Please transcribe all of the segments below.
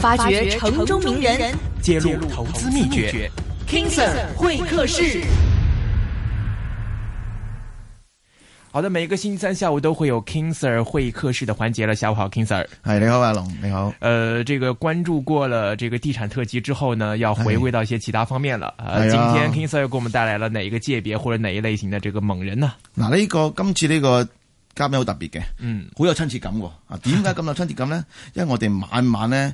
發掘城中名人，揭露投資秘訣。King Sir 會客室，好的，每個星期三下午都會有 King Sir 會客室的環節了。下午好，King Sir。係你好，阿龍，你好。呃，這個關注過了這個地產特輯之後呢，要回歸到一些其他方面了。是呃、啊，今天 King Sir 又給我們帶來了哪一個界別或者哪一類型的這個猛人呢？嗱、這個，呢個今次呢個嘉賓好特別嘅，嗯，好有親切感喎。啊，點解咁有親切感呢？ 因為我哋晚晚呢。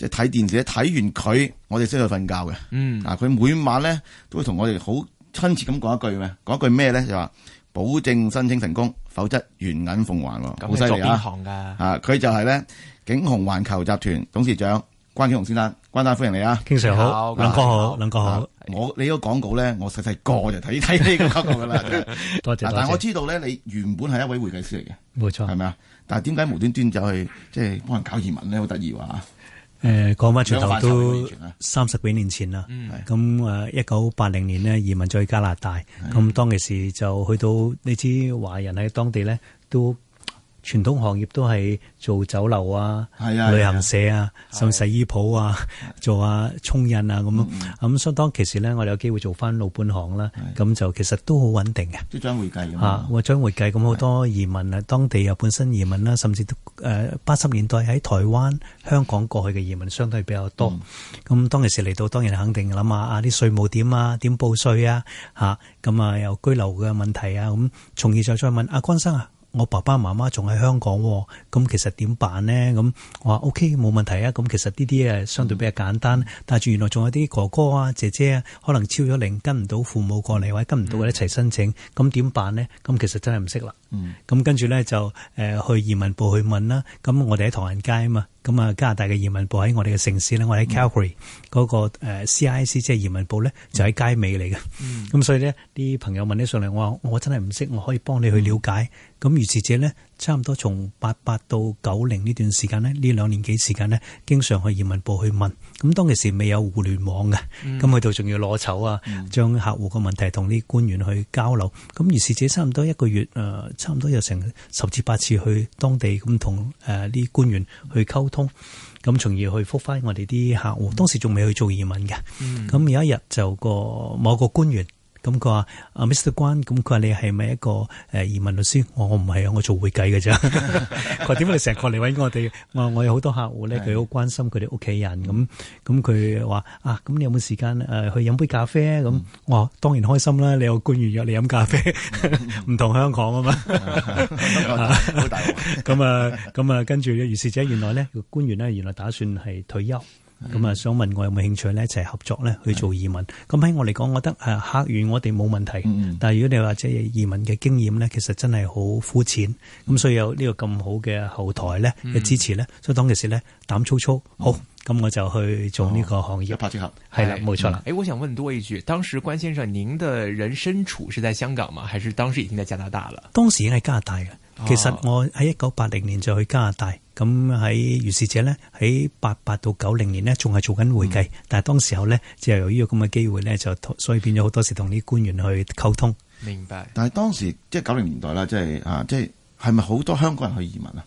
即係睇電視睇完佢，我哋先去瞓覺嘅。嗯，嗱、啊，佢每晚咧都會同我哋好親切咁講一句嘅。講一句咩咧？就話、是、保證申請成功，否則原銀奉還。好犀利啊！咁做邊行㗎？啊，佢就係咧景宏環球集團董事長關景鴻先生，關生歡迎你啊！King Sir 好，兩哥好，兩哥好。好好啊、我你、這個廣告咧，我細細個就睇睇呢個廣告㗎啦。多謝。但係我知道咧，你原本係一位會計師嚟嘅，冇錯，係咪啊？但係點解無端端走去，即係幫人搞移民咧？好得意喎！誒，講翻轉頭都三十幾年前啦，咁誒一九八零年呢，移民咗去加拿大。咁、嗯、當其時就去到你知華人喺當地呢，都。傳統行業都係做酒樓啊、旅行社啊、甚至洗衣鋪啊、做啊沖印啊咁。咁所以當其時呢，我哋有機會做翻老本行啦。咁就其實都好穩定嘅，即係將會計。吓，我將會計咁好多移民啊，當地又本身移民啦，甚至誒八十年代喺台灣、香港過去嘅移民相對比較多。咁當其時嚟到，當然肯定諗下啊啲稅務點啊，點報稅啊，吓咁啊又居留嘅問題啊咁，從而就再問阿關生啊。我爸爸媽媽仲喺香港，哦，咁其實點辦呢？咁我話 OK 冇問題啊。咁其實呢啲誒相對比較簡單，但係原來仲有啲哥哥啊姐姐啊，可能超咗齡，跟唔到父母過嚟，或者跟唔到佢一齊申請，咁點辦呢？咁其實真係唔識啦。嗯，咁跟住咧就誒去移民部去問啦。咁我哋喺唐人街啊嘛。咁啊，加拿大嘅移民部喺我哋嘅城市咧，嗯、我喺 Calgary 嗰個誒 CIC，即係移民部呢，就喺街尾嚟嘅。咁、嗯、所以呢啲朋友問咗上嚟，我話我真係唔識，我可以幫你去了解。咁如、嗯、是者呢。差唔多從八八到九零呢段時間呢，呢兩年幾時間呢，經常去移民部去問，咁當其時未有互聯網嘅，咁、嗯、去到仲要攞籌啊，嗯、將客戶個問題同啲官員去交流。咁於是這差唔多一個月，誒、呃，差唔多有成十至八次去當地咁同誒啲官員去溝通。咁從而去覆翻我哋啲客戶。嗯、當時仲未去做移民嘅。咁、嗯嗯、有一日就個某個官員。咁佢話啊，Mr. 關，咁佢話你係咪一個誒移民律師？哦、我我唔係啊，我做會計嘅啫。佢話點解你成日過嚟揾我哋、 哦？我我有好多客戶咧，佢好關心佢哋屋企人。咁咁佢話啊，咁你有冇時間誒去飲杯咖啡？咁、嗯、我、嗯、當然開心啦！你有個官員約你飲咖啡，唔 同香港啊嘛。咁啊咁啊，跟住如是者原來呢，個官員呢，原來打算係退休。咁啊，想問我有冇興趣咧一齊合作咧去做移民？咁喺我嚟講，我覺得誒客源我哋冇問題，但係如果你話即係移民嘅經驗咧，其實真係好膚淺，咁所以有呢個咁好嘅後台咧嘅支持咧，所以當其時咧膽粗粗好，咁我就去做呢個行業。拍住合係啦，冇錯啦。誒，我想問多一句，當時關先生，您嘅人身處是在香港嘛？還是當時已經在加拿大了？當時已經係加拿大。其實我喺一九八零年就去加拿大，咁喺如是者呢，喺八八到九零年呢，仲係做緊會計，嗯、但係當時候咧就由於咁嘅機會呢，就所以變咗好多時同啲官員去溝通。明白。但係當時即係九零年代啦，即係啊，即係係咪好多香港人去移民啊？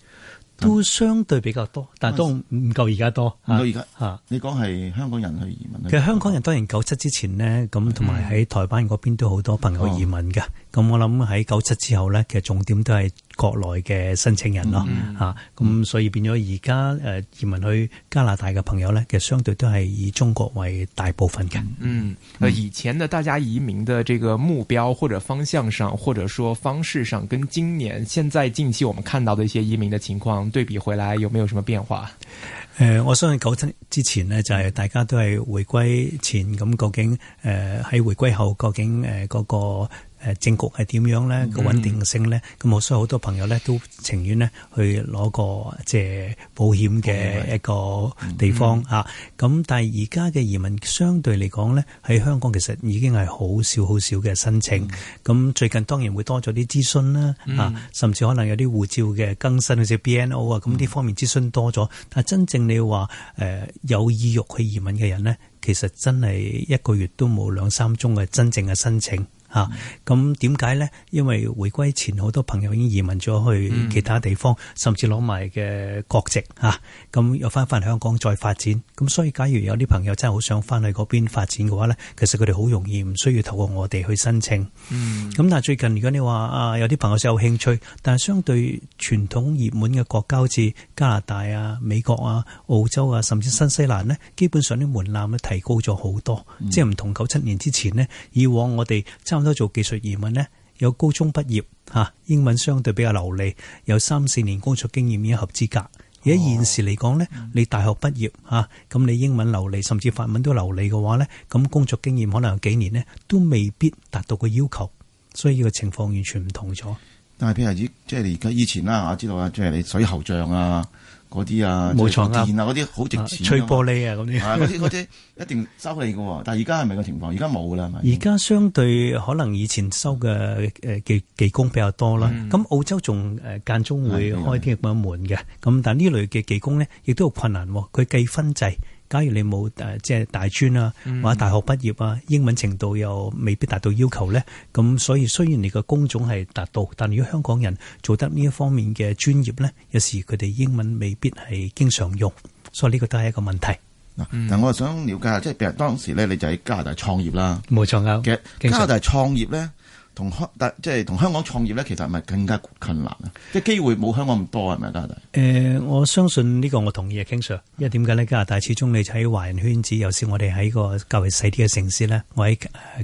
都相對比較多，但係都唔夠而家多。到而家吓？啊、你講係香港人去移民？其實香港人當然九七之前呢，咁同埋喺台灣嗰邊都好多朋友移民嘅。咁、嗯嗯、我諗喺九七之後呢，其實重點都係。國內嘅申請人咯，嗯、啊，咁所以變咗而家誒移民去加拿大嘅朋友呢，其實相對都係以中國為大部分嘅。嗯、呃，以前咧，大家移民嘅這個目標或者方向上，或者說方式上，跟今年現在近期我們看到嘅一些移民嘅情況對比回來，有沒有什麼變化？誒、呃，我相信九七之前呢，就係、是、大家都係回歸前咁，嗯嗯、究竟誒喺、呃、回歸後究竟誒嗰、呃呃那個。誒政局係點樣咧？個、嗯、穩定性咧，咁我所以好多朋友咧都情願咧去攞個即係、呃、保險嘅一個地方嚇。咁、嗯啊、但係而家嘅移民相對嚟講咧，喺香港其實已經係好少好少嘅申請。咁、嗯、最近當然會多咗啲諮詢啦嚇、啊，甚至可能有啲護照嘅更新，好似 BNO 啊，咁呢方面諮詢多咗。嗯、但係真正你話誒、呃、有意欲去移民嘅人呢，其實真係一個月都冇兩三宗嘅真正嘅申請。啊，咁點解呢？因為回歸前好多朋友已經移民咗去其他地方，嗯、甚至攞埋嘅國籍嚇，咁、啊啊、又翻返香港再發展。咁、啊、所以，假如有啲朋友真係好想翻去嗰邊發展嘅話呢，其實佢哋好容易唔需要透過我哋去申請。嗯。咁、啊、但係最近，如果你話啊，有啲朋友有興趣，但係相對傳統熱門嘅國家好似加拿大啊、美國啊、澳洲啊，甚至新西蘭呢，基本上啲門檻都提高咗好多，嗯、即係唔同九七年之前呢，以往我哋都做技術移民呢，有高中畢業吓，英文相對比較流利，有三四年工作經驗，一合資格。而喺現時嚟講呢，哦、你大學畢業吓，咁你英文流利，甚至法文都流利嘅話呢，咁工作經驗可能有幾年呢都未必達到個要求，所以呢個情況完全唔同咗。但係譬如以即係而家以前啦，我知道啊，即係你水喉匠啊。嗰啲啊，冇錯啊嗰啲好值錢，啊，吹玻璃啊嗰啲，啲啲 一定收你嘅，啊。但係而家係咪個情況？而家冇啦。而家相對可能以前收嘅誒技技工比較多啦。咁、嗯、澳洲仲誒、呃、間中會開啲咁嘅門嘅。咁是但係呢類嘅技工咧，亦都好困難，啊。佢計分制。假如你冇誒，即係大專啊，或者大學畢業啊，英文程度又未必達到要求咧，咁所以雖然你個工種係達到，但如果香港人做得呢一方面嘅專業咧，有時佢哋英文未必係經常用，所以呢個都係一個問題。嗱，嗯、我想了解下，即係譬如當時咧，你就喺加拿大創業啦，冇錯嘅。加拿大創業咧。同香，即係同香港創業咧，其實係咪更加困難啊？即係機會冇香港咁多，係咪加拿大？誒、呃，我相信呢個我同意、King Sir，因為點解呢？加拿大始終你喺華人圈子，尤其是我哋喺個較為細啲嘅城市呢，我喺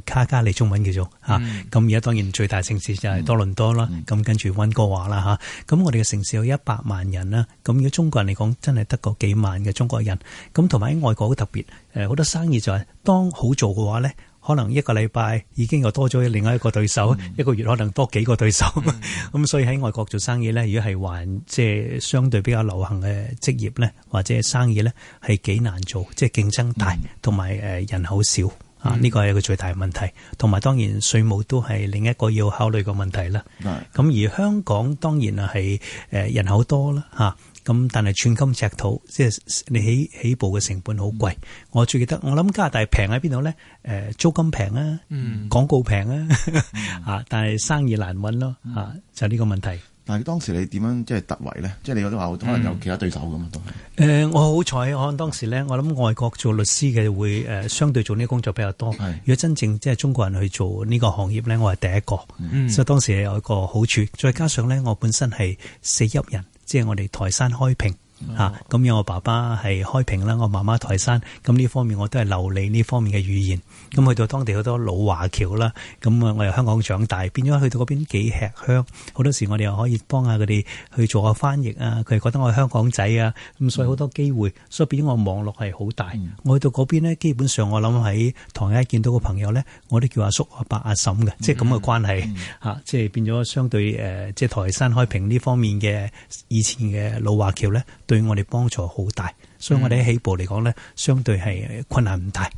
卡加利中文叫做嚇。咁而家當然最大城市就係多倫多啦，咁、嗯、跟住溫哥華啦嚇。咁我哋嘅城市有一百萬人啦，咁如果中國人嚟講，真係得個幾萬嘅中國人。咁同埋喺外國好特別，誒好多生意就係當好做嘅話呢。.可能一個禮拜已經又多咗另外一個對手，嗯、一個月可能多幾個對手，咁、嗯嗯、所以喺外國做生意呢，如果係還即係、就是、相對比較流行嘅職業呢，或者生意呢，係幾難做，即、就、係、是、競爭大，同埋誒人口少啊，呢、這個係一個最大嘅問題，同埋當然稅務都係另一個要考慮嘅問題啦。咁、啊、而香港當然啊係誒人口多啦吓。啊。咁但係寸金尺土，即係你起起步嘅成本好貴。我最記得，我諗加拿大平喺邊度咧？誒，租金平啊，廣告平啊，吓，但係生意難搵咯，吓就係呢個問題。但係當時你點樣即係突圍咧？即係你都話可能有其他對手噶嘛都。誒，我好彩，我當時咧，我諗外國做律師嘅會誒相對做呢個工作比較多。如果真正即係中國人去做呢個行業咧，我係第一個，所以當時係有一個好處。再加上咧，我本身係四邑人。即係我哋台山開平。嚇！咁有、啊、我爸爸係開平啦，我媽媽台山，咁呢方面我都係流利呢方面嘅語言。咁去到當地好多老華僑啦，咁我由香港長大，變咗去到嗰邊幾吃香。好多時我哋又可以幫下佢哋去做下翻譯啊，佢哋覺得我係香港仔啊，咁所以好多機會，嗯、所以變咗我網絡係好大。嗯、我去到嗰邊咧，基本上我諗喺台山見到嘅朋友呢，我都叫阿叔、阿伯、阿嬸嘅，即係咁嘅關係嚇，即係、嗯嗯啊即係、變咗相對誒，即、呃、係、即係、台山開平呢方面嘅以前嘅老華僑呢。對我哋幫助好大，所以我哋起步嚟講呢，嗯、相對係困難唔大。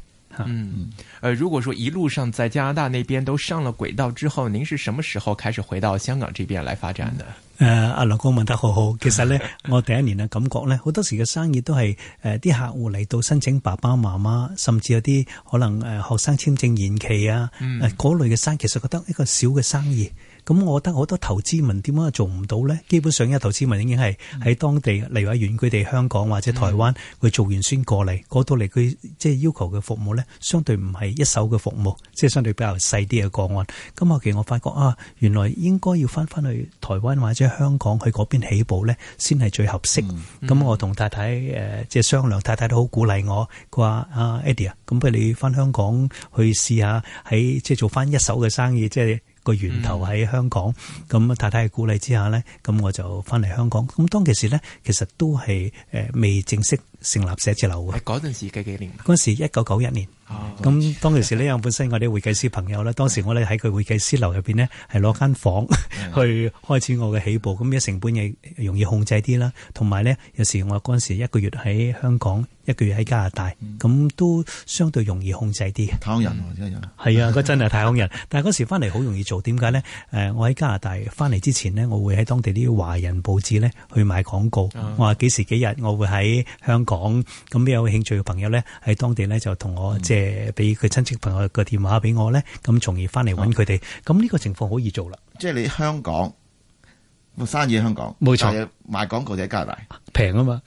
嗯，誒、呃，如果說一路上在加拿大那邊都上了軌道之後，您是什麼時候開始回到香港呢邊來發展的？誒、嗯，阿、呃、劉哥問得好好，其實呢，我第一年嘅感覺呢，好 多時嘅生意都係誒啲客戶嚟到申請爸爸媽媽，甚至有啲可能誒、呃、學生簽證延期啊，嗰、呃嗯、類嘅生意，意其實覺得一個小嘅生意。 咁我覺得好多投資民點解做唔到咧？基本上因為投資民已經係喺當地，例如遠距離香港或者台灣，佢做完先過嚟，嗰度嚟佢即係要求嘅服務咧，相對唔係一手嘅服務，即係相對比較細啲嘅個案。咁後期我發覺啊，原來應該要翻翻去台灣或者香港去嗰邊起步咧，先係最合適。咁我同太太誒即係商量，太太都好鼓勵我，佢話啊，Eddie 啊，咁不如你翻香港去試下，喺即係做翻一手嘅生意，即係。個源頭喺香港，咁、嗯、太太嘅鼓勵之下咧，咁我就翻嚟香港。咁當其時咧，其實都係誒未正式成立寫字樓嘅。嗰陣時，幾幾年？嗰陣時一九九一年。咁當其時呢樣，本身我啲會計師朋友咧，當時我哋喺佢會計師樓入邊呢，係攞間房去開始我嘅起步，咁呢成本亦容易控制啲啦，同埋呢，有時我嗰陣時一個月喺香港，一個月喺加拿大，咁都相對容易控制啲。太空人，真係啊！係啊，佢真係太空人。但係嗰時翻嚟，好容易做，點解呢？誒，我喺加拿大翻嚟之前呢，我會喺當地啲華人報紙呢去買廣告，我話幾時幾日我會喺香港，咁有興趣嘅朋友呢，喺當地呢就同我借。誒，俾佢親戚朋友個電話俾我咧，咁從而翻嚟搵佢哋，咁呢、啊、個情況好易做啦。即係你香港，生意喺香港，冇錯沒錯。賣廣告者加拿大平啊嘛，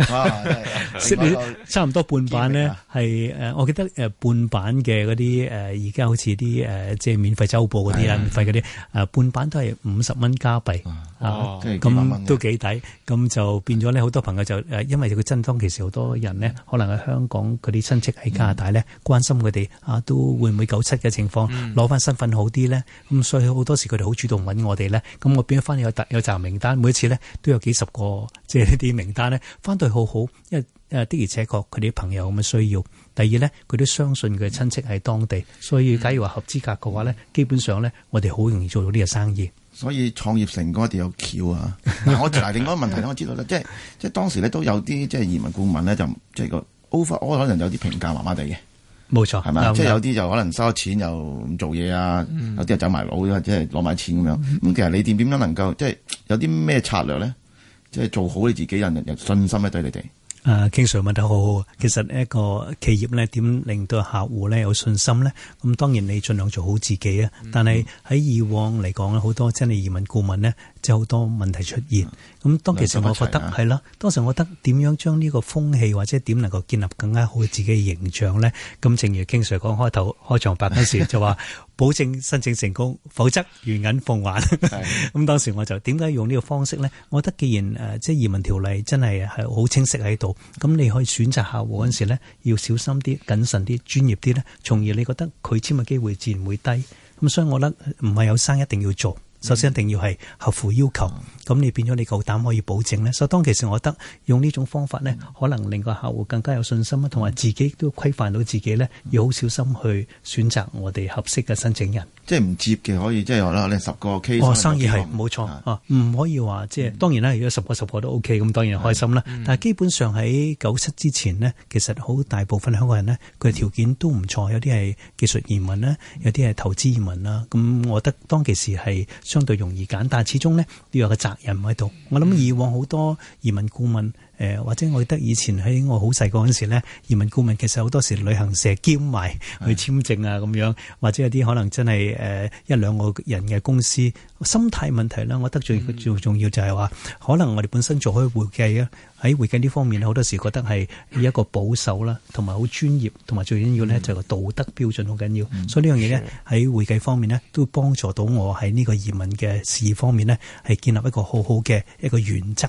差唔多半版咧係誒，我記得誒半版嘅嗰啲誒，而家好似啲誒，即係免費週報嗰啲啦，免費嗰啲誒半版都係五十蚊加幣啊，咁都幾抵，咁就變咗咧好多朋友就誒，因為佢真當，其實好多人咧，可能喺香港嗰啲親戚喺加拿大咧，關心佢哋啊，都會唔會九七嘅情況攞翻身份好啲咧，咁所以好多時佢哋好主動揾我哋咧，咁我變翻有特有集名單，每一次咧都有幾十個。即係呢啲名單呢，翻對好好，因為誒的而且確佢哋朋友咁嘅需要。第二呢，佢都相信佢親戚喺當地，嗯、所以假如話合資格嘅話呢，基本上呢，我哋好容易做到呢個生意。所以創業成功一定有竅啊！我提，另外一個問題咧， 我知道咧，即係即係當時咧都有啲即係移民顧問呢，就即係個 over，all, 可能有啲評價麻麻地嘅，冇錯係嘛，即係吧、嗯、有啲就可能收咗錢又唔做嘢啊，有啲又走埋佬或者係攞埋錢咁樣。咁、嗯、其實你點點樣能夠即係、就是、有啲咩策略呢？即係做好你自己人，人人有信心咧對你哋。誒，King Sir 問得好，好。其實一個企業咧，點令到客戶咧有信心呢？咁當然你盡量做好自己啊。但係喺以往嚟講咧，好多真係移民顧問咧。即好多問題出現，咁當其實我覺得係啦，啊，當時我覺得點樣將呢個風氣或者點能夠建立更加好嘅自己嘅形象呢？咁正如經常講開頭開場白嗰時就話， 保證申請成功，否則原銀奉還。咁的 當時我就點解用呢個方式呢？我覺得既然誒，呃、即係移民條例真係係好清晰喺度，咁你可以選擇客戶嗰時呢，要小心啲、謹慎啲、專業啲呢，從而你覺得拒簽嘅機會自然會低。咁所以我覺得唔係有生意一定要做。首先一定要係合乎要求，咁你變咗你夠膽可以保證呢，所以當其時我覺得用呢種方法呢，可能令個客戶更加有信心啊，同埋自己都規範到自己呢，要好小心去選擇我哋合適嘅申請人。即係唔接嘅可以，即係話咧，可能十個 case 生意係冇錯啊，唔可以話即係當然啦。如果十個十個都 OK，咁當然開心啦。但係基本上喺九七之前呢，其實好大部分香港人呢，佢條件都唔錯，有啲係技術移民啦，有啲係投資移民啦。咁我覺得當其時係。相對容易揀，但係始終咧都有個責任喺度。 我諗以往好多移民顧問。誒或者我記得以前喺我好細個嗰時呢，移民顧問其實好多時旅行社兼埋去簽證啊咁樣，的或者有啲可能真係誒一兩個人嘅公司心態問題啦。我覺得最最重要就係話，嗯、可能我哋本身做開會計啊，喺會計呢方面咧，好多時覺得係以一個保守啦，同埋好專業，同埋最緊要呢就係個道德標準好緊要。嗯、所以呢樣嘢呢，喺會計方面呢，都會幫助到我喺呢個移民嘅事業方面呢，係建立一個好好嘅一個原則。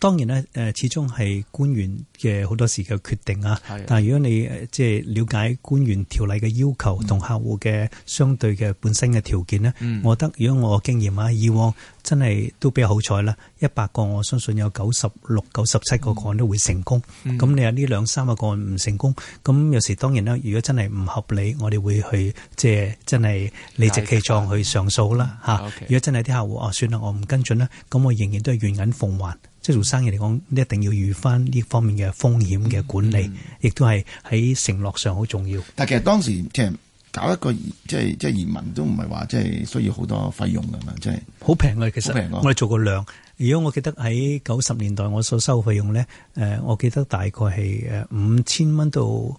當然咧，誒始終係官員嘅好多時嘅決定啊。但係如果你誒即係瞭解官員條例嘅要求同客戶嘅相對嘅本身嘅條件咧，我覺得如果我經驗啊，以往真係都比較好彩啦。一百個我相信有九十六、九十七個個案都會成功。咁你話呢兩三個案唔成功，咁有時當然咧，如果真係唔合理，我哋會去即係真係理直氣壯去上訴啦嚇。如果真係啲客戶哦，算啦，我唔跟進啦，咁我仍然都係原銀奉還。即做生意嚟講，一定要預翻呢方面嘅風險嘅管理，嗯、亦都係喺承諾上好重要。但其實當時即係搞一個即係即係移民都，都唔係話即係需要好多費用噶嘛，即係好平嘅。其實我哋做個量。如果我記得喺九十年代，我所收費用咧，誒、呃，我記得大概係誒五千蚊到誒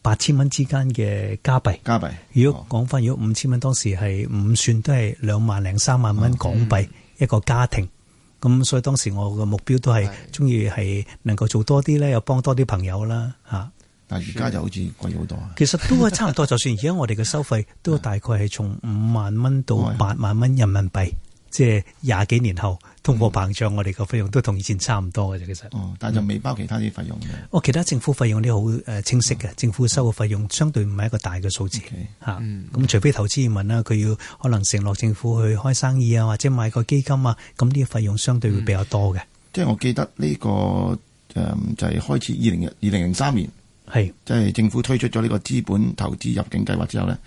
八千蚊之間嘅加幣。加幣、哦。如果講翻，如果五千蚊，當時係唔算都係兩萬零三萬蚊港幣一個家庭。嗯咁所以當時我嘅目標都係中意係能夠做多啲咧，又幫多啲朋友啦吓。但係而家就好似貴好多。 其實都係差唔多，就算而家我哋嘅收費都大概係從五萬蚊到八萬蚊人民幣，即係廿幾年後。通貨膨脹，我哋個費用都同以前差唔多嘅啫。其實，哦，但係就未包其他啲費用嘅。嗯、哦，其他政府費用啲好誒清晰嘅，嗯、政府收嘅費用相對唔係一個大嘅數字吓。咁、嗯嗯、除非投資移民啦，佢要可能承諾政府去開生意啊，或者買個基金啊，咁啲費用相對會比較多嘅、嗯。即係我記得呢、這個誒、嗯、就係、是、開始二零二零零三年。係，即係是政府推出咗呢個資本投資入境計劃之後呢，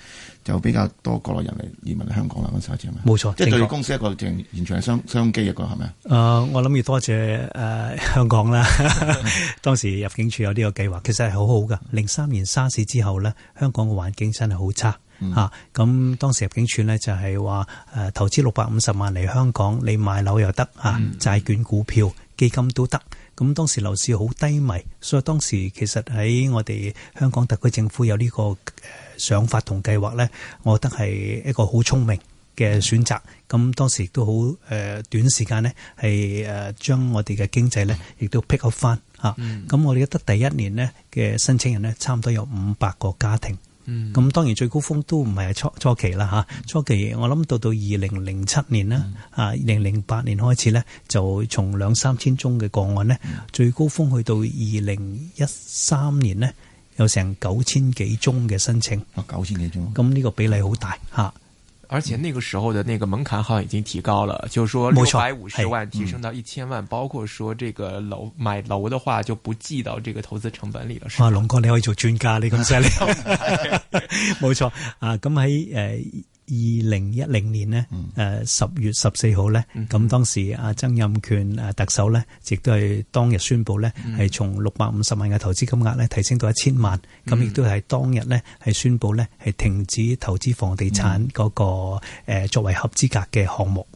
就比較多國內人嚟移民香港啦。嗰時係咪？冇錯，即係對公司一個確完全係雙雙機嘅個係咪啊？我諗要多謝誒、呃、香港啦。 當時入境處有呢個計劃，其實係好好噶。零三年沙士之後呢，香港嘅環境真係好差、嗯嗯、啊！咁當時入境處呢，就係話誒，投資六百五十萬嚟香港，你買樓又得啊，啊，債券、股票、基金都得。咁當時樓市好低迷，所以當時其實喺我哋香港特區政府有呢個誒想法同計劃咧，我覺得係一個好聰明嘅選擇。咁、嗯、當時亦都好誒短時間呢係誒將我哋嘅經濟呢亦都 pick up 翻吓。咁、嗯、我哋得第一年呢嘅申請人呢，差唔多有五百個家庭。嗯，咁當然最高峰都唔係初初期啦，吓，初期我諗到到二零零七年啦，啊二零零八年開始咧就從兩三千宗嘅個案呢，嗯、最高峰去到二零一三年呢，有成九千幾宗嘅申請，啊九千幾宗，咁呢個比例好大吓。啊而且那個時候的那個門檻好像已經提高了，就是說六百五十萬提升到一千萬，嗯，包括說這個樓買樓的話就不計到這個投資成本裏了。哇，啊，龍哥你可以做專家，你咁犀利。 冇錯啊，咁喺誒。呃二零一零年呢，誒十月十四號呢，咁當時阿曾蔭權誒特首呢，亦都係當日宣布呢，係從六百五十萬嘅投資金額呢，提升到一千萬，咁亦都係當日呢，係宣布呢，係停止投資房地產嗰個誒作為合資格嘅項目。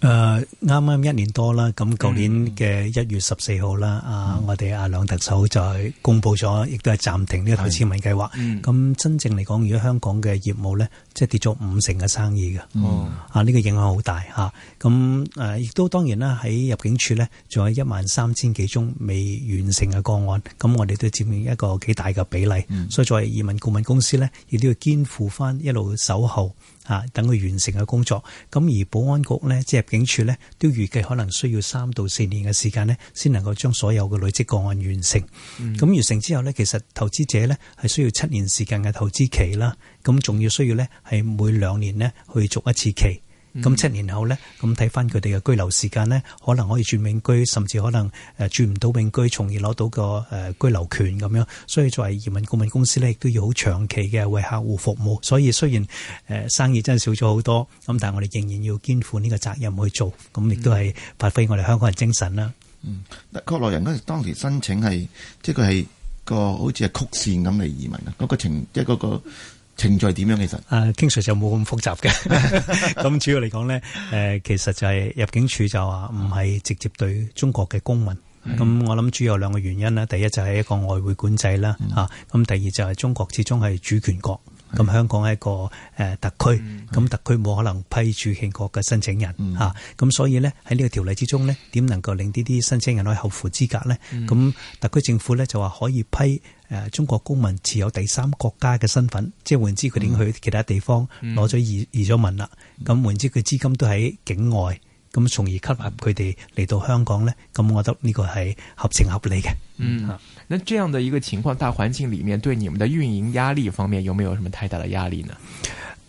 誒，啱啱，呃、一年多啦，咁舊年嘅一月十四號啦，嗯、啊，我哋阿梁特首就公布咗，亦都係暫停呢個投資移民計劃。咁，嗯、真正嚟講，如果香港嘅業務呢，即係跌咗五成嘅生意嘅，嗯啊這個，啊，呢個影響好大吓。咁，誒，亦都當然啦，喺入境處呢，仲有一萬三千幾宗未完成嘅個案，咁我哋都佔一個幾大嘅比例。嗯，所以，作為移民顧問公司呢，亦都要肩負翻一路守候。啊！等佢完成嘅工作，咁而保安局呢，即入境處呢，都預計可能需要三到四年嘅時間呢，先能夠將所有嘅累積個案完成。咁完、嗯、成之後呢，其實投資者呢係需要七年時間嘅投資期啦，咁仲要需要呢係每兩年呢去續一次期。咁七年後呢，咁睇翻佢哋嘅居留時間呢，可能可以轉永居，甚至可能誒轉唔到永居，從而攞到個誒居留權咁樣。所以作為移民顧問公司呢，亦都要好長期嘅為客戶服務。所以雖然誒生意真係少咗好多，咁但係我哋仍然要肩負呢個責任去做。咁亦都係發揮我哋香港人精神啦。嗯，國內人嗰陣當時申請係，即係佢係個好似係曲線咁嚟移民呀嗰個情，即係嗰個。程序點樣其實？啊，經常就冇咁複雜嘅。咁 主要嚟講呢，誒、呃，其實就係入境處就話唔係直接對中國嘅公民。咁、嗯、我諗主要有兩個原因啦。第一就係一個外匯管制啦，吓、嗯。咁、啊、第二就係中國始終係主權國。咁香港係一個誒特區，咁特區冇可能批住英國嘅申請人嚇，咁所以呢喺呢個條例之中呢，點能夠令呢啲申請人可以後扶資格呢？咁特區政府呢就話可以批誒中國公民持有第三國家嘅身份，即係換之佢已經去其他地方攞咗移移咗民啦，咁換之佢資金都喺境外。咁從而吸引佢哋嚟到香港呢，咁我覺得呢個係合情合理嘅。嗯，吓，那樣的一個情況大環境裏面，對你們的運營壓力方面，有沒有什麼太大的壓力呢？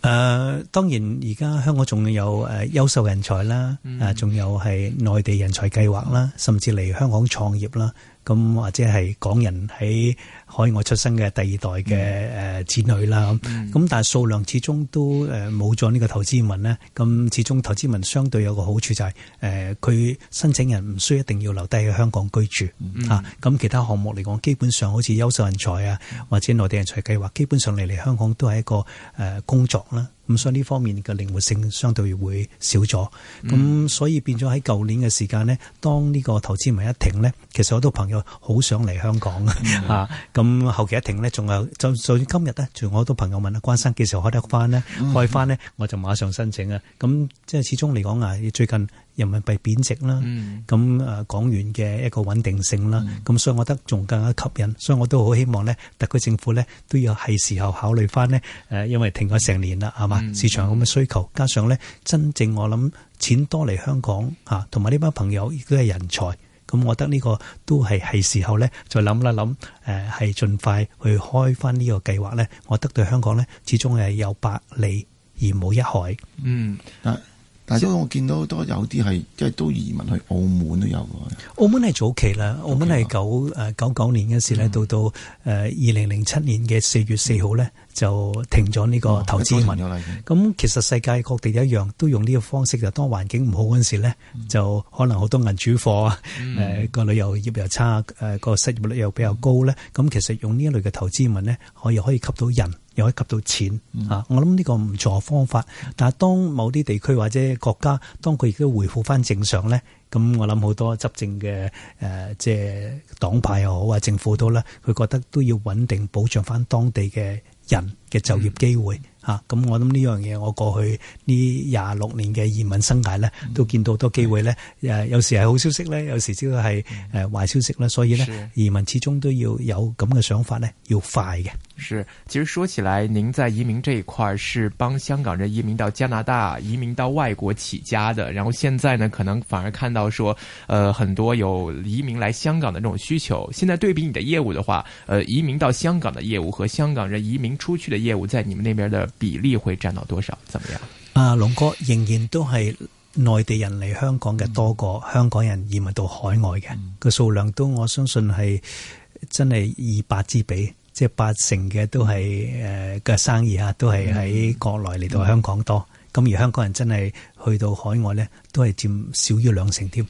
誒、呃，當然而家香港仲有誒、呃、優秀人才啦，誒、呃，仲有係內地人才計劃啦，甚至嚟香港創業啦，咁、呃呃呃呃呃、或者係港人喺。海外出生嘅第二代嘅誒子女啦，咁、嗯、但係數量始終都誒冇咗呢個投資民呢。咁始終投資民相對有個好處就係誒佢申請人唔需要一定要留低喺香港居住，嗯、啊，咁其他項目嚟講，基本上好似優秀人才啊，或者內地人才計劃，基本上嚟嚟香港都係一個誒工作啦，咁、啊、所以呢方面嘅靈活性相對會少咗，咁、嗯啊、所以變咗喺舊年嘅時間呢，當呢個投資民一停呢，其實好多朋友好想嚟香港、嗯、啊。咁後期一停呢，仲有就就，就今日呢，仲有好多朋友問啊，關生幾時開得翻呢？嗯、開翻呢，我就馬上申請啊！咁即係始終嚟講啊，最近人民幣貶值啦，咁啊、嗯、港元嘅一個穩定性啦，咁、嗯、所以我覺得仲更加吸引，所以我都好希望呢，特區政府呢，都要係時候考慮翻呢，誒，因為停咗成年啦，係嘛？嗯、市場咁嘅需求，加上呢，真正我諗錢多嚟香港嚇，同埋呢班朋友亦都係人才。咁我覺得呢個都係係時候咧，再諗一諗，誒、呃、係盡快去開翻呢個計劃咧。我覺得對香港呢，始終係有百利而冇一害，嗯。嗯，但但係我見到好多有啲係即係都移民去澳門都有。澳門係早期啦，澳門係九誒九九年嘅時咧，嗯、到到誒二零零七年嘅四月四號咧。嗯嗯嗯就停咗呢個投資移民、哦，咁、嗯、其實世界各地一樣都用呢個方式，就當環境唔好嗰陣時咧，就可能好多銀主貨、嗯、啊，誒個旅遊業又差，誒個失業率又比較高咧。咁、嗯、其實用呢一類嘅投資移民咧，可以可以吸到人，又可以吸到錢啊！嗯、我諗呢個唔錯方法。但係當某啲地區或者國家當佢亦都回復翻正常咧，咁我諗好多執政嘅誒、呃，即係黨派又好啊，政府都啦，佢覺得都要穩定保障翻當地嘅。人嘅就業機會，嚇、嗯，咁、啊、我諗呢樣嘢，我過去呢廿六年嘅移民生涯咧，都見到好多機會咧。誒、嗯呃，有時係好消息咧，有時只係誒壞消息咧，所以咧的移民始終都要有咁嘅想法咧，要快嘅。是，其實說起來，您在移民這一塊是幫香港人移民到加拿大、移民到外國起家的。然後現在呢，可能反而看到說，呃，很多有移民來香港的這種需求。現在對比你的業務的話，呃，移民到香港的業務和香港人移民出去的業務，在你們那邊的比例會佔到多少？怎麼樣？啊，龍哥，仍然都係內地人嚟香港嘅多過香港人移民到海外嘅個、嗯、數量都，都我相信係真係二八之比。即係八成嘅都係誒嘅生意啊，都係喺國內嚟到香港多。咁、嗯、而香港人真係去到海外咧，都係佔少於兩成添。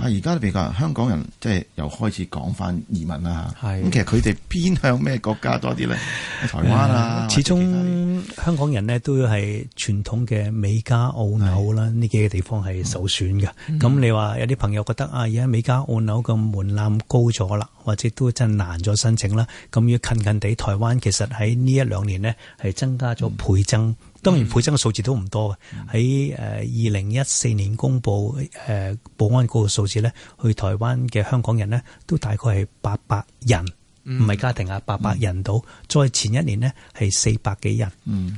但而家都比較香港人，即係又開始講翻移民啦嚇。咁是其實佢哋偏向咩國家多啲咧？ 台灣啊，始終香港人呢，都係傳統嘅美加澳紐啦，呢是幾個地方係首選嘅。咁、嗯、你話有啲朋友覺得啊，而家美加澳紐嘅門檻高咗啦，或者都真係難咗申請啦。咁要近近地台灣，其實喺呢一兩年呢，係增加咗倍增、嗯。當然，倍增嘅數字都唔多嘅。喺誒二零一四年公布誒保安局嘅數字咧，去台灣嘅香港人咧，都大概係八百人。唔係家庭啊，八百人到。嗯、再前一年呢係四百幾人，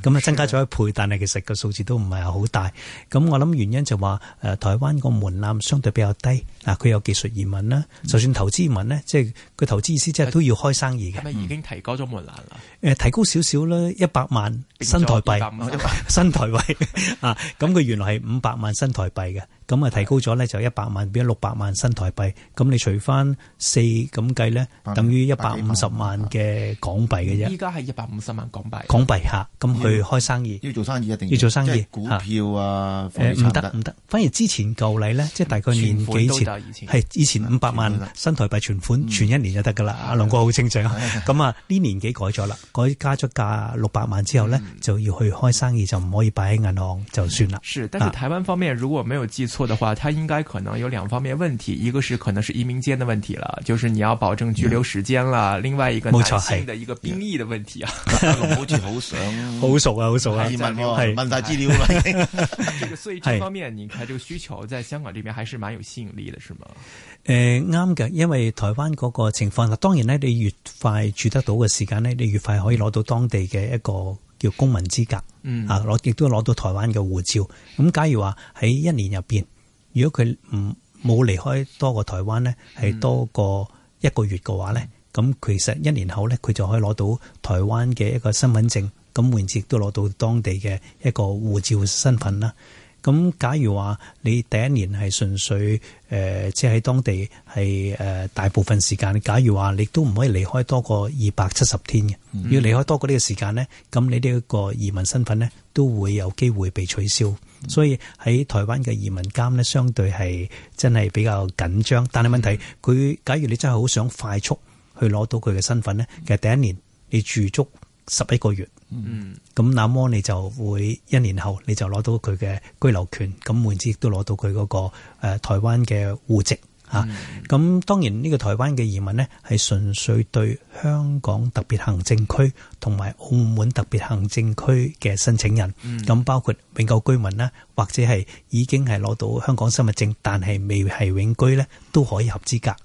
咁啊、嗯、增加咗一倍。的但係其實個數字都唔係好大。咁我諗原因就話、是、誒、呃、台灣個門檻相對比較低啊，佢有技術移民啦，嗯、就算投資移民呢，即係個投資意思即係都要開生意嘅。係咪已經提高咗門檻啦？誒、嗯呃，提高少少啦，一百萬新台幣，新台幣啊，咁佢原來係五百萬新台幣嘅。 咁啊，提高咗咧就一百萬變咗六百萬新台幣，咁你除翻四咁計咧，等於一百五十萬嘅港幣嘅啫。而家係一百五十萬港幣。港幣嚇，咁去開生意。要做生意一定要做生意。股票啊，唔得唔得，反而之前舊例咧，即係大概年幾前係以前五百萬新台幣存款存一年就得噶啦。阿龍哥好精準啊！咁啊，呢年幾改咗啦？改加咗價六百萬之後咧，就要去開生意，就唔可以擺喺銀行就算啦。但係台灣方面，如果我沒有記錯。的話，他應該可能有兩方面問題，一個是可能是移民間的問題啦，就是你要保證居留時間啦，嗯、另外一個男性的一個兵役的問題 啊。好熟， 嗯、好熟啊，好熟啊，問大資料啦。所以這方面，你看這個需求在香港這邊還是蠻有吸引力的，是嗎？誒啱嘅，因為台灣嗰個情況，當然呢，你越快住得到嘅時間呢，你越快可以攞到當地嘅一個，叫公民資格，嗯、啊攞亦都攞到台灣嘅護照。咁假如話喺一年入邊，如果佢唔冇離開多過台灣咧，係多過一個月嘅話咧，咁、嗯、其實一年後咧，佢就可以攞到台灣嘅一個身份證，咁換至亦都攞到當地嘅一個護照身份啦。咁假如話你第一年係純粹誒、呃、即係喺當地係誒、呃、大部分時間，假如話你都唔可以離開多過二百七十天嘅，mm hmm. 要離開多過呢個時間咧，咁你呢一個移民身份咧都會有機會被取消。Mm hmm. 所以喺台灣嘅移民監咧，相對係真係比較緊張，但係問題佢、mm hmm. 假如你真係好想快速去攞到佢嘅身份咧，mm hmm. 其實第一年你住足。十一個月，咁、嗯、那麼你就會一年後你就攞到佢嘅居留權，咁換之亦都攞到佢嗰、那個誒、呃、台灣嘅戶籍吓。咁、啊嗯、當然呢個台灣嘅移民呢，係純粹對香港特別行政區同埋澳門特別行政區嘅申請人，咁、嗯、包括永久居民啦，或者係已經係攞到香港身份證但係未係永居呢，都可以合資格。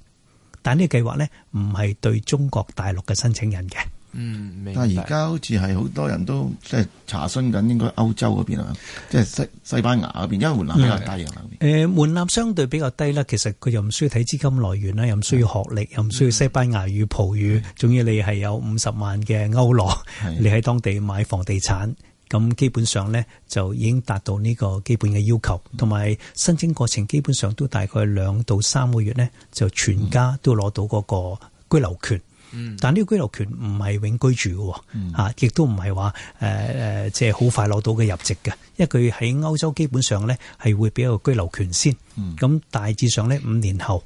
但呢個計劃呢，唔係對中國大陸嘅申請人嘅。嗯，但係而家好似係好多人都詢，嗯、即係查詢緊，應該歐洲嗰邊係即係西西班牙嗰邊，因為門檻比較低啊。誒，門檻相對比較低啦，其實佢又唔需要睇資金來源啦，又唔需要學歷，的又唔需要西班牙語葡語，仲的要你係有五十萬嘅歐羅，的你喺當地買房地產，咁基本上呢就已經達到呢個基本嘅要求，同埋的申請過程基本上都大概兩到三個月呢，就全家都攞到嗰個居留權。嗯，但呢個居留權唔係永居住嘅，吓、嗯，亦都唔係話誒誒，即係好快攞到嘅入籍嘅，因為佢喺歐洲基本上咧係會俾一個居留權先。咁、嗯、大致上咧五年後，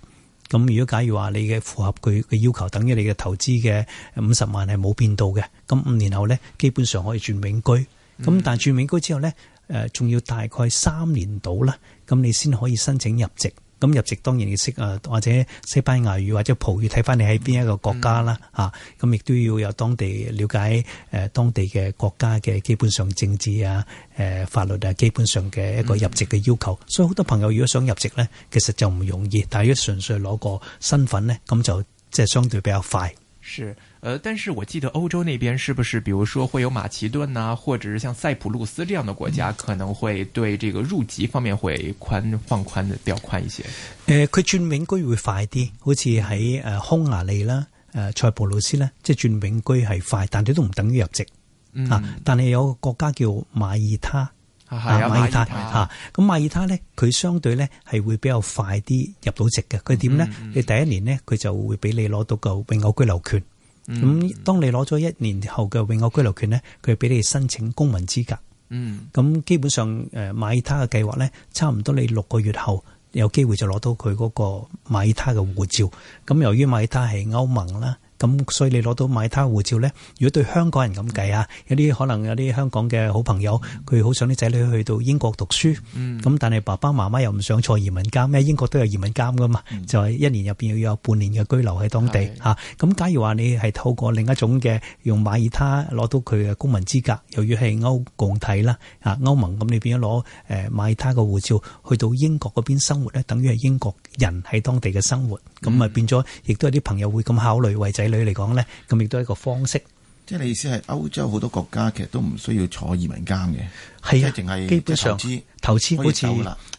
咁如果假如話你嘅符合佢嘅要求，等於，等於你嘅投資嘅五十萬係冇變到嘅，咁五年後咧基本上可以轉永居。咁但係轉永居之後咧，誒，仲要大概三年到啦，咁你先可以申請入籍。咁入籍當然要識啊，或者西班牙語或者葡語，睇返你喺邊一個國家啦嚇。咁亦都要有當地了解誒當地嘅國家嘅基本上政治啊、誒、呃、法律啊，基本上嘅一個入籍嘅要求。嗯、所以好多朋友如果想入籍咧，其實就唔容易。但係如果純粹攞個身份咧，咁就即係相對比較快。是，呃，但是我記得歐洲那邊是不是，比如說會有馬其頓啊，或者是像塞浦路斯這樣的國家，嗯、可能會對這個入籍方面會寬放寬的，比較寬一些。誒、呃，佢轉永居會快啲，好似喺誒匈牙利啦，誒、呃、塞浦路斯咧，即係轉永居係快，但係都唔等於入籍、嗯、啊。但係有個國家叫馬耳他。係啊，馬爾他嚇咁，啊，馬爾他咧，佢相對咧係會比較快啲入到籍嘅。佢點咧？你第一年咧，佢就會俾你攞到個永久居留權。咁，嗯，當你攞咗一年後嘅永久居留權咧，佢俾你申請公民資格。咁，嗯，基本上誒馬爾他嘅計劃咧，差唔多你六個月後有機會就攞到佢嗰個馬爾他嘅護照。咁由於馬爾他係歐盟啦。咁所以你攞到馬耳他護照咧，如果對香港人咁計啊，有啲可能有啲香港嘅好朋友，佢好想啲仔女去到英國讀書，咁、嗯、但係爸爸媽媽又唔想坐移民監咩？英國都有移民監噶嘛，嗯、就係一年入邊要有半年嘅居留喺當地吓，咁是、啊、假如話你係透過另一種嘅用馬耳他攞到佢嘅公民資格，又要係歐共體啦吓歐盟，咁你變咗攞誒馬耳他嘅護照去到英國嗰邊生活咧，等於係英國人喺當地嘅生活，咁啊、嗯、變咗亦都有啲朋友會咁考慮。為仔。你嚟講呢，咁亦都係一個方式。即係你意思係歐洲好多國家其實都唔需要坐移民監嘅，係啊的，淨係基本上投資投資好似，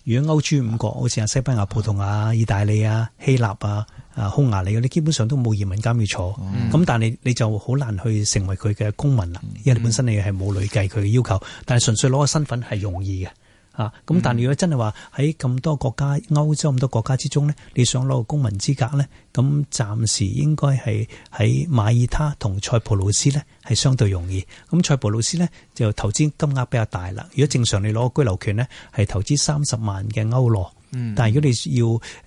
如果歐洲五國，好似啊西班牙、葡萄牙、意大利啊、希臘啊、啊匈牙利嗰啲，嗯、基本上都冇移民監要坐。咁、嗯、但係你就好難去成為佢嘅公民啦，因為你本身你係冇累計佢嘅要求，但係純粹攞個身份係容易嘅。咁、嗯、但係如果真係話喺咁多國家，歐洲咁多國家之中呢，你想攞個公民資格呢，咁暫時應該係喺馬耳他同塞，塞浦路斯呢係相對容易。咁塞浦路斯呢就投資金額比較大啦。如果正常你攞個居留權呢，係投資三十萬嘅歐羅，嗯、但係如果你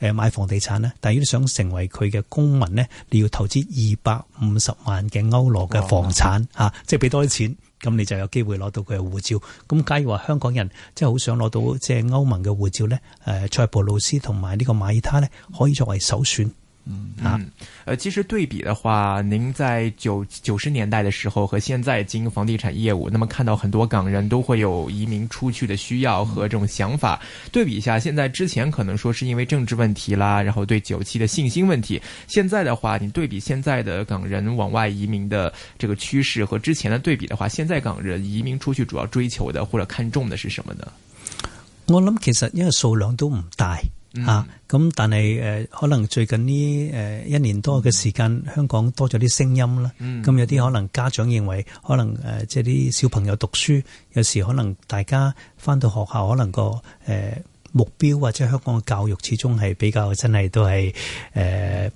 要誒買房地產呢，但係如果你想成為佢嘅公民呢，你要投資二百五十萬嘅歐羅嘅房產吓，啊啊、即係俾多啲錢。咁你就有機會攞到佢嘅護照。咁假如話香港人真係好想攞到即係歐盟嘅護照咧，誒塞浦路斯同埋呢個馬耳他咧，可以作為首選。嗯，啊，呃，其實對比的話，您在九九十年代的時候和現在經營房地產業務，那麼看到很多港人都會有移民出去的需要和這種想法。對比一下，現在之前可能說是因為政治問題啦，然後對九七的信心問題。現在的話，你對比現在的港人往外移民的這個趨勢和之前的對比的話，現在港人移民出去主要追求的或者看重的是什麼呢？我諗其實因為數量都唔大。吓，咁、啊、但係誒、呃，可能最近呢誒，一年多嘅時間，嗯、香港多咗啲聲音啦。咁、嗯嗯、有啲可能家長認為，可能誒、呃，即係啲小朋友讀書，有時可能大家翻到學校，可能個誒、呃、目標或者香港嘅教育始終係比較真係都係誒、呃、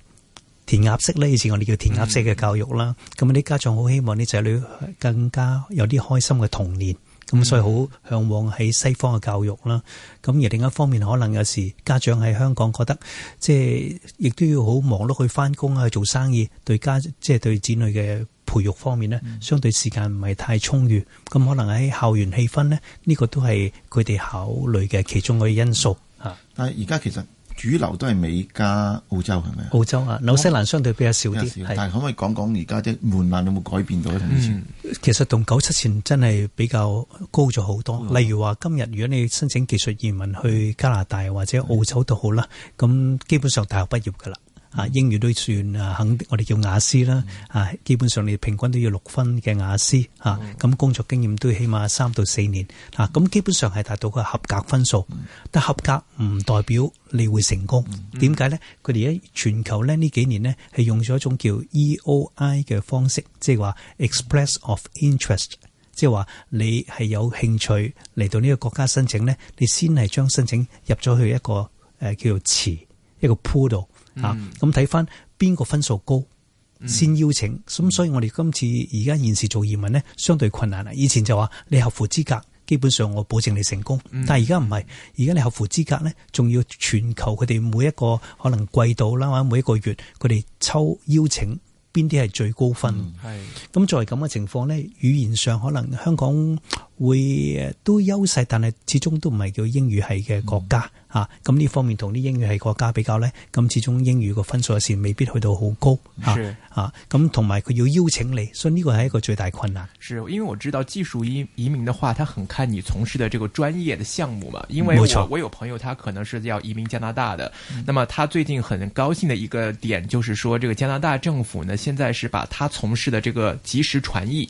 填鴨式咧，以前我哋叫填鴨式嘅教育啦。咁啲家長好希望啲仔女更加有啲開心嘅童年。咁、嗯、所以好向往喺西方嘅教育啦。咁而另一方面，可能有時家長喺香港覺得，即係亦都要好忙碌去翻工啊，去做生意，對家即係、就是、對子女嘅培育方面咧，相對時間唔係太充裕。咁可能喺校園氣氛咧，呢、這個都係佢哋考慮嘅其中嘅因素啊、嗯。但係而家其實。主流都係美加澳洲係咪？澳洲啊，紐西蘭相對比較少啲。少是但係可唔可以講講而家啲門檻有冇改變到同、嗯、以前。其實同九七前真係比較高咗好多。了例如話今日如果你申請技術移民去加拿大或者澳洲都好啦，咁是基本上大學畢業㗎啦。啊，英語都算啊，肯定我哋叫雅思啦。啊、嗯，基本上你平均都要六分嘅雅思嚇，咁、嗯、工作經驗都起碼三到四年啊。咁、嗯、基本上係達到個合格分數，嗯、但合格唔代表你會成功。點解咧？佢哋喺全球咧呢幾年呢，係用咗一種叫 E O I 嘅方式，即係話 Express of Interest，嗯、即係話你係有興趣嚟到呢個國家申請咧，你先係將申請入咗去一個誒叫做池一個 pool 度。啊！咁睇翻邊個分數高，先邀請。咁、嗯、所以我哋今次而家現時做移民呢，相對困難啦。以前就話你合乎資格，基本上我保證你成功。但係而家唔係，而家你合乎資格呢，仲要全球佢哋每一個可能季度啦，或者每一個月，佢哋抽邀請邊啲係最高分。係咁作為咁嘅情況呢，語言上可能香港會都優勢，但係始終都唔係叫英語系嘅國家嚇。咁呢、嗯啊、方面同啲英語系國家比較呢，咁始終英語個分數係未必去到好高嚇嚇。咁同埋佢要邀請你，所以呢個係一個最大困難。是因為我知道技術移移民嘅話，他很看你從事嘅這個專業的項目嘛。因為我有朋友，他可能是要移民加拿大嘅，冇錯。那麼他最近很高興嘅一個點，就是說這個加拿大政府呢，現在是把他從事的這個即時傳譯。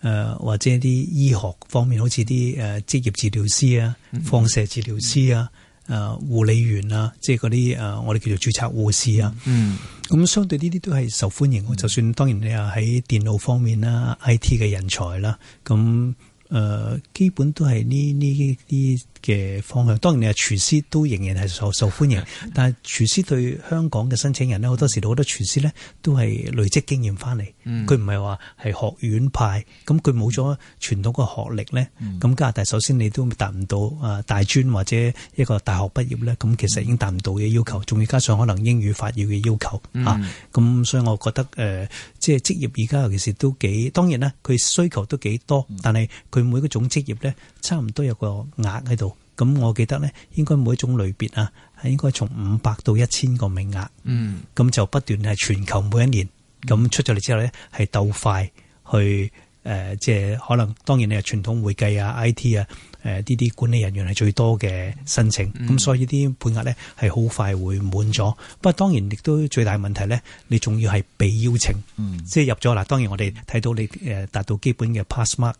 誒、呃、或者一啲醫學方面，好似啲誒職業治療師啊、嗯嗯、放射治療師啊、誒、呃、護理員啊，即係嗰啲誒我哋叫做註冊護士啊。嗯，咁、嗯嗯、相對呢啲都係受歡迎。我、嗯、就算當然你話喺電腦方面啦、嗯、IT 嘅人才啦，咁誒、呃、基本都係呢呢啲嘅方向，當然你係廚師都仍然係受受歡迎，但係廚師對香港嘅申請人咧，好多時好多廚師咧都係累積經驗翻嚟，佢唔係話係學院派，咁佢冇咗傳統個學歷咧，咁加拿大，但係首先你都達唔到啊大專或者一個大學畢業咧，咁其實已經達唔到嘅要求，仲要加上可能英語法語嘅要求啊，咁所以我覺得誒即係職業而家尤其是都幾當然咧，佢需求都幾多，但係佢每個種職業咧，差唔多有個額喺度。咁我記得咧，應該每一種類別啊，係應該從五百到一千個名額。嗯，咁就不斷係全球每一年咁出咗嚟之後咧，係鬥快去誒、呃，即係可能當然你係傳統會計啊、IT 啊、誒呢啲管理人員係最多嘅申請。咁、嗯、所以啲配額咧係好快會滿咗。不過當然亦都最大問題咧，你仲要係被邀請，嗯、即係入咗喇。當然我哋睇到你誒達到基本嘅 pass mark。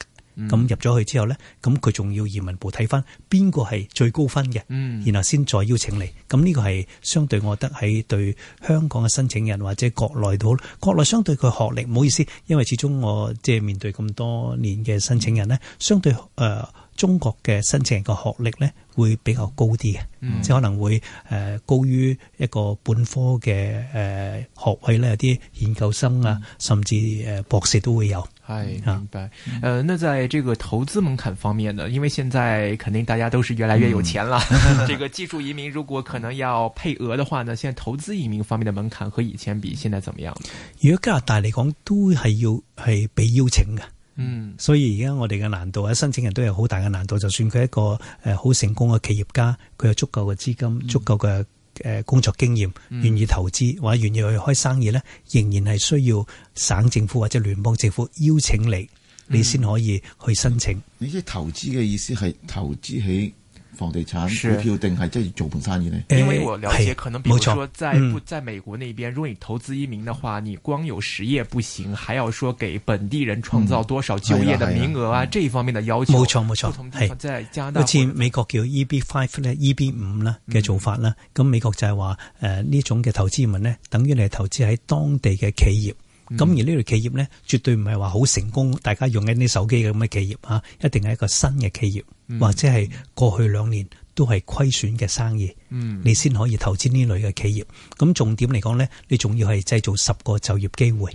咁入咗去之後咧，咁佢仲要移民部睇翻邊個係最高分嘅，然後先再邀請你。咁呢個係相對我覺得喺對香港嘅申請人或者國內都好，國內相對佢學歷唔好意思，因為始終我即係面對咁多年嘅申請人咧，相對誒中國嘅申請人嘅學歷咧會比較高啲嘅，即係可能會誒高於一個本科嘅誒學位咧，有啲研究生啊，甚至誒博士都會有。唉、哎，明白。呃，那在這個投資門檻方面呢？因為現在肯定大家都是越來越有錢啦。嗯、 這個技術移民如果可能要配額的話呢？現在投資移民方面的門檻和以前比，現在怎麼樣？如果加拿大嚟講，都係要係畀邀請嘅。嗯，所以而家我哋嘅難度啊，申請人都有好大嘅難度。就算佢係一個誒好成功嘅企業家，佢有足夠嘅資金，嗯、足夠嘅。誒，工作經驗，願意投資或者願意去開生意咧，仍然係需要省政府或者聯邦政府邀請你，你先可以去申請。嗯，你即投資嘅意思係投資喺。房地產、股票，定係即係做盤生意呢？因為我了解，可能比如說，在在美國那邊，如果你投資移民嘅話，你光有實業不行，還要說給本地人創造多少就業嘅名額啊，這方面嘅要求。冇錯冇錯，係在加拿大或者美國叫 EB five 咧，EB 五啦嘅做法啦。咁美國就係話，誒，呢種嘅投資移民咧，等於嚟投資喺當地嘅企業。咁、嗯、而呢類企業呢，絕對唔係話好成功，大家用緊啲手機嘅咁嘅企業啊，一定係一個新嘅企業，嗯、或者係過去兩年都係虧損嘅生意，嗯、你先可以投資呢類嘅企業。咁重點嚟講呢，你仲要係製造十個就業機會，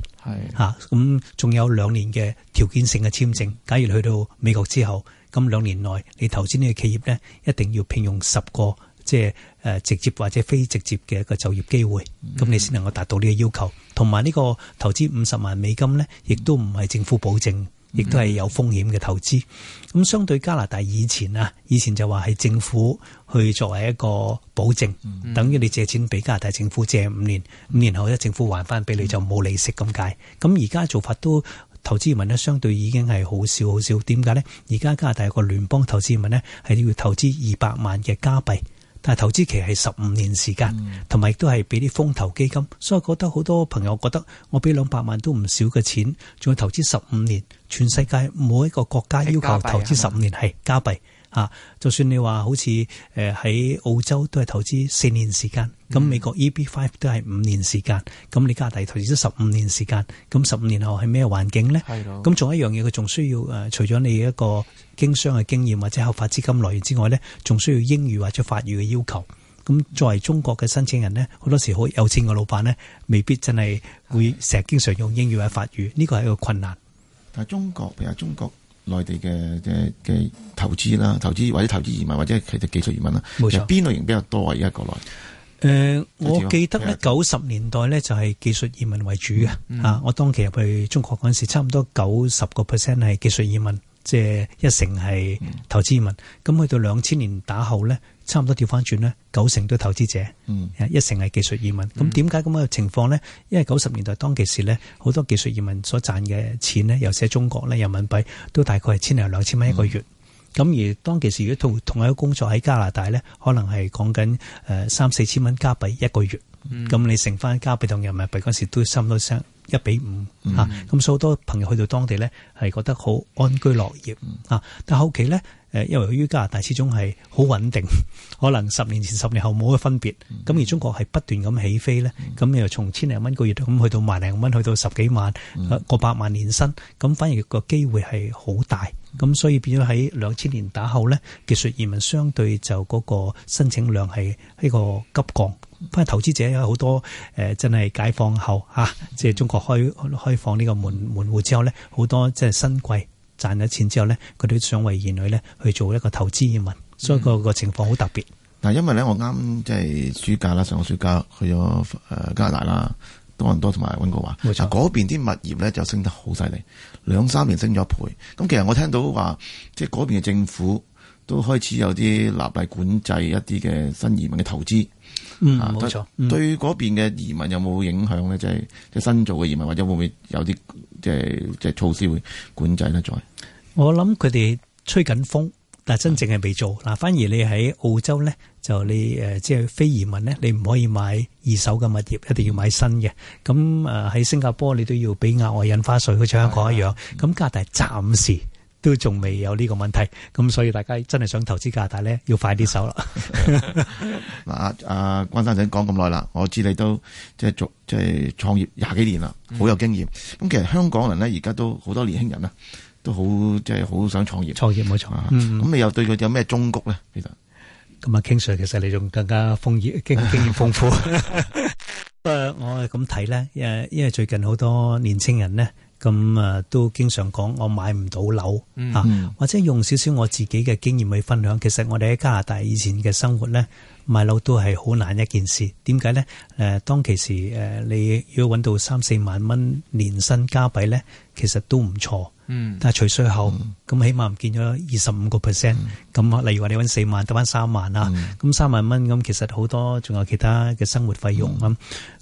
吓是，咁仲、啊、有兩年嘅條件性嘅簽證。假如去到美國之後，咁兩年內你投資呢個企業呢，一定要聘用十個，即係。誒，直接或者非直接嘅一個就業機會，咁你先能夠達到呢個要求。同埋呢個投資五十萬美金咧，亦都唔係政府保證，亦都係有風險嘅投資。咁相對加拿大以前啊，以前就話係政府去作為一個保證，等於你借錢俾加拿大政府借五年，五年後咧政府還翻俾你就冇，嗯、利息咁解。咁而家做法都投資移民咧，相對已經係好少好少。點解咧？而家加拿大個聯邦投資移民咧係要投資二百萬嘅加幣。但投資期係十五年時間，同埋亦都係俾啲風投基金，所以我覺得好多朋友覺得我俾兩百萬都唔少嘅錢，仲要投資十五年，全世界每一個國家要求投資十五年係加幣。啊！就算你話好似誒喺澳洲都係投資四年時間，咁、嗯、美國 EB five 都係五年時間，咁、嗯、你加拿大投資咗十五年時間，咁十五年後係咩環境呢？咁仲有、嗯、一樣嘢，佢仲需要誒除咗你一個經商嘅經驗或者合法資金來源之外呢，仲需要英語或者法語嘅要求。咁、嗯、作為中國嘅申請人呢，好多時好有錢嘅老闆呢，未必真係會成日經常用英語或者法語，呢、這個係一個困難。喺中，中國，譬如中國。內地嘅嘅嘅投資啦，投資或者投資移民或者其實技術移民啦，冇錯。邊類型比較多啊？而家國內？誒、呃，我記得咧，九十年代咧就係技術移民為主嘅嚇、嗯啊。我當期入去中國嗰陣時，差唔多九十個 percent 係技術移民，即、就、係、是、一成係投資移民。咁去到兩千年打後咧。差唔多調翻轉呢，九成都投資者，嗯、一成係技術移民。咁點解咁嘅情況呢？因為九十年代當其時呢，好多技術移民所賺嘅錢呢，尤其中國呢人民幣，都大概係千零兩千蚊一個月。咁、嗯、而當其時如果同同一個工作喺加拿大呢，可能係講緊誒三四千蚊加幣一個月。咁、嗯、你乘返加幣同人民幣嗰時都差唔多聲。一比五吓，咁所以好多朋友去到當地呢，係覺得好安居樂業嚇。但後期呢，誒，因為於加拿大始終係好穩定，可能十年前、十年後冇乜分別。咁而中國係不斷咁起飛呢，咁又從千零蚊個月咁去到萬零蚊，去到十幾萬，過百萬年薪，咁反而個機會係好大。咁所以變咗喺兩千年打後呢，技術移民相對就嗰個申請量係呢個急降。不過投資者有好多誒、呃，真係解放後吓、啊，即係中國開開放呢個門門戶之後呢，好多即係新貴賺咗錢之後呢，佢都想為兒女咧去做一個投資移民，嗯、所以個情況好特別。嗱、嗯，因為呢，我啱即係暑假啦，上個暑假去咗誒加拿大啦，多倫多同埋温哥華，冇錯，嗰邊啲物業呢就升得好犀利，兩三年升咗一倍。咁其實我聽到話，即係嗰邊嘅政府都開始有啲立例管制一啲嘅新移民嘅投資。嗯，冇錯、嗯，對嗰邊嘅移民有冇影響咧？就係、是、即、就是、新造嘅移民，或者會唔會有啲即係即係措施會管制咧？我諗佢哋吹緊風，但係真正係未做嗱。反而你喺澳洲咧，就你誒，即、就、係、是、非移民咧，你唔可以買二手嘅物業，一定要買新嘅。咁誒喺新加坡，你都要俾額外印花稅，好似的香港一樣咁，嗯、加拿大暫時。都仲未有呢個問題，咁所以大家真係想投資加拿大咧，要快啲手啦。嗱、 呃，阿阿關生仔講咁耐啦，我知你都即係做即係創業廿幾年啦，好、嗯、有經驗。咁其實香港人呢，而家都好多年輕人啦，都好即係好想創業。創業冇錯。咁、啊、你又對佢有咩忠告呢？其實咁啊，King Sir 其實你仲更加豐業經經驗豐富。我係咁睇咧，因為因為最近好多年輕人呢。咁啊，都經常講我買唔到樓啊，或者用少少我自己嘅經驗去分享。其實我哋喺加拿大以前嘅生活咧，買樓都係好難一件事。點解咧？誒、呃、當其時誒、呃、你要揾到三四萬蚊年薪加幣咧，其實都唔錯。但隨隨後，嗯，但係除稅後咁，起碼唔見咗二十五個 percent。咁，例如話你搵四萬，得翻三萬啊，咁三、嗯、萬蚊咁，其實好多仲有其他嘅生活費用咁。咁、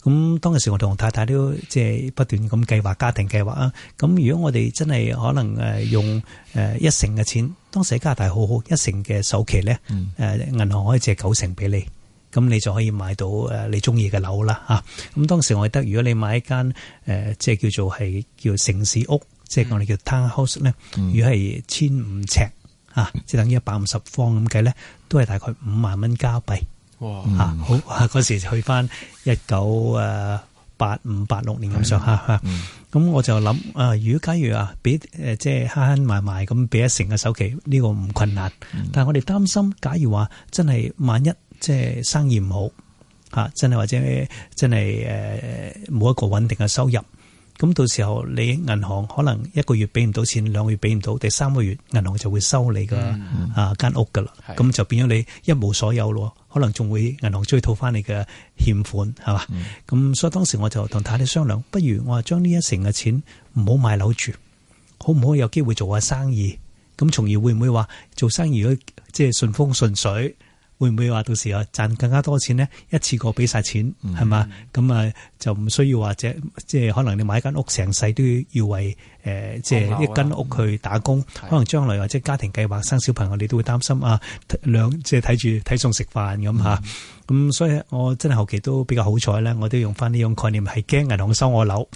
嗯、當時我同太太都即係不斷咁計劃家庭計劃啊。咁如果我哋真係可能誒用誒一成嘅錢，當時喺加拿大好好一成嘅首期咧，誒銀、嗯、行可以借九成俾你，咁你就可以買到誒你中意嘅樓啦吓。咁、啊、當時我覺得，如果你買一間誒，即、呃、係叫，叫做係叫做城市屋。即係我哋叫 townhouse 咧，如果係千五尺啊，即係等於一百五十方咁計咧，都係大概五萬蚊加幣。哇！好啊，嗰時去返一九誒八五八六年咁上下嚇。咁我就諗啊，如果假如啊，俾誒即係慳慳埋埋咁俾一成嘅首期，呢個唔困難。但係我哋擔心，假如話真係萬一即係生意唔好嚇，真係或者真係誒冇一個穩定嘅收入。咁到時候你銀行可能一個月俾唔到錢，兩個月俾唔到，第三個月銀行就會收你嗰間屋噶啦，咁、mm hmm. 就變咗你一無所有咯。可能仲會銀行追討翻你嘅欠款，係嘛？咁、mm hmm. 所以當時我就同太太商量，不如我話將呢一成嘅錢唔好買樓住，可唔可以有機會做下生意？咁從而會唔會話做生意如果即係順風順水？會唔會話到時候賺更加多錢呢？一次過俾晒錢係嘛？咁啊、嗯、就唔需要或者即係可能你買間屋成世都要為誒、呃、即係一間屋去打工。嗯、可能將來或者家庭計劃、嗯、生小朋友，你都會擔心啊，兩即係睇住睇餸食飯咁吓。嗯咁、嗯、所以我真係後期都比較好彩咧，我都用翻呢種概念，係驚銀行收我樓，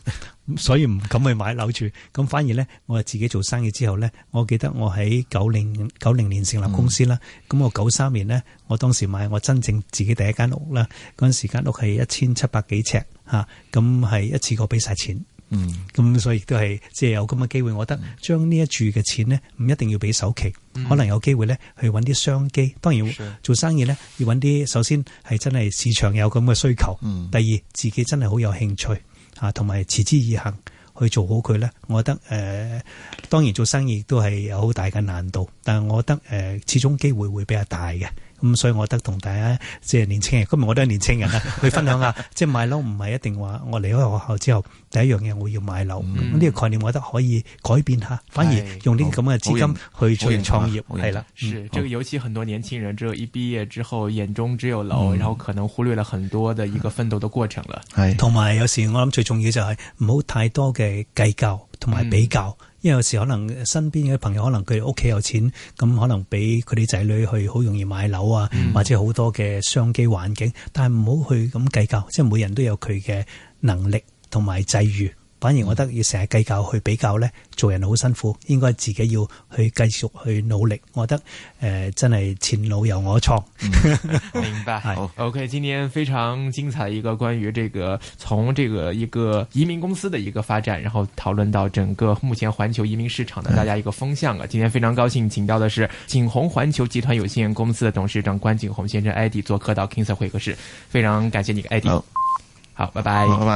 所以唔敢去買樓住。咁反而咧，我係自己做生意之後咧，我記得我喺九零九零年成立公司啦。咁、嗯、我九三年呢，我當時買我真正自己第一間屋啦。嗰陣時間屋係一千七百幾尺吓，咁係一次過俾晒錢。嗯，咁所以亦都係，即係有咁嘅機會，我覺得、嗯、將呢一住嘅錢呢，唔一定要俾首期，嗯、可能有機會呢，去揾啲商機。當然做生意呢，要揾啲，首先係真係市場有咁嘅需求，嗯、第二自己真係好有興趣啊，同埋持之以恒去做好佢呢。我覺得誒、呃，當然做生意都係有好大嘅難度，但係我覺得誒、呃，始終機會會比較大嘅。咁、嗯、所以，我覺得同大家即係年青人，今日我都係年青人 去分享下，即係買樓唔係一定話我離開學校之後第一樣嘢我要買樓，呢、嗯、個概念我覺得可以改變下，反而用啲咁嘅資金去做創業，係啦、嗯。是、嗯，這個尤其很多年輕人，只有一畢業之後眼中只有樓，然後可能忽略了很多嘅一個奮鬥嘅過程啦。係，同埋有時我諗最重要就係唔好太多嘅計較同埋比較。因為有時可能身邊嘅朋友，可能佢屋企有錢，咁可能俾佢啲仔女去好容易買樓啊，嗯、或者好多嘅商機環境，但係唔好去咁計較，即係每人都有佢嘅能力同埋際遇。反而我覺得要成日計較去比較咧，做人好辛苦。應該自己要去繼續去努力。我覺得誒、呃、真係前路由我創，嗯，明白。 好 OK，今天非常精彩的一個關於這個從這個一個移民公司的一個發展，然後討論到整個目前環球移民市場的大家一個風向啊。嗯、今天非常高興請到的是景鴻環球集團有限公司的董事長關景鴻先生，Eddie 做客到 King Sir 會客室。非常感謝你，個 Eddie。好，拜拜。拜拜。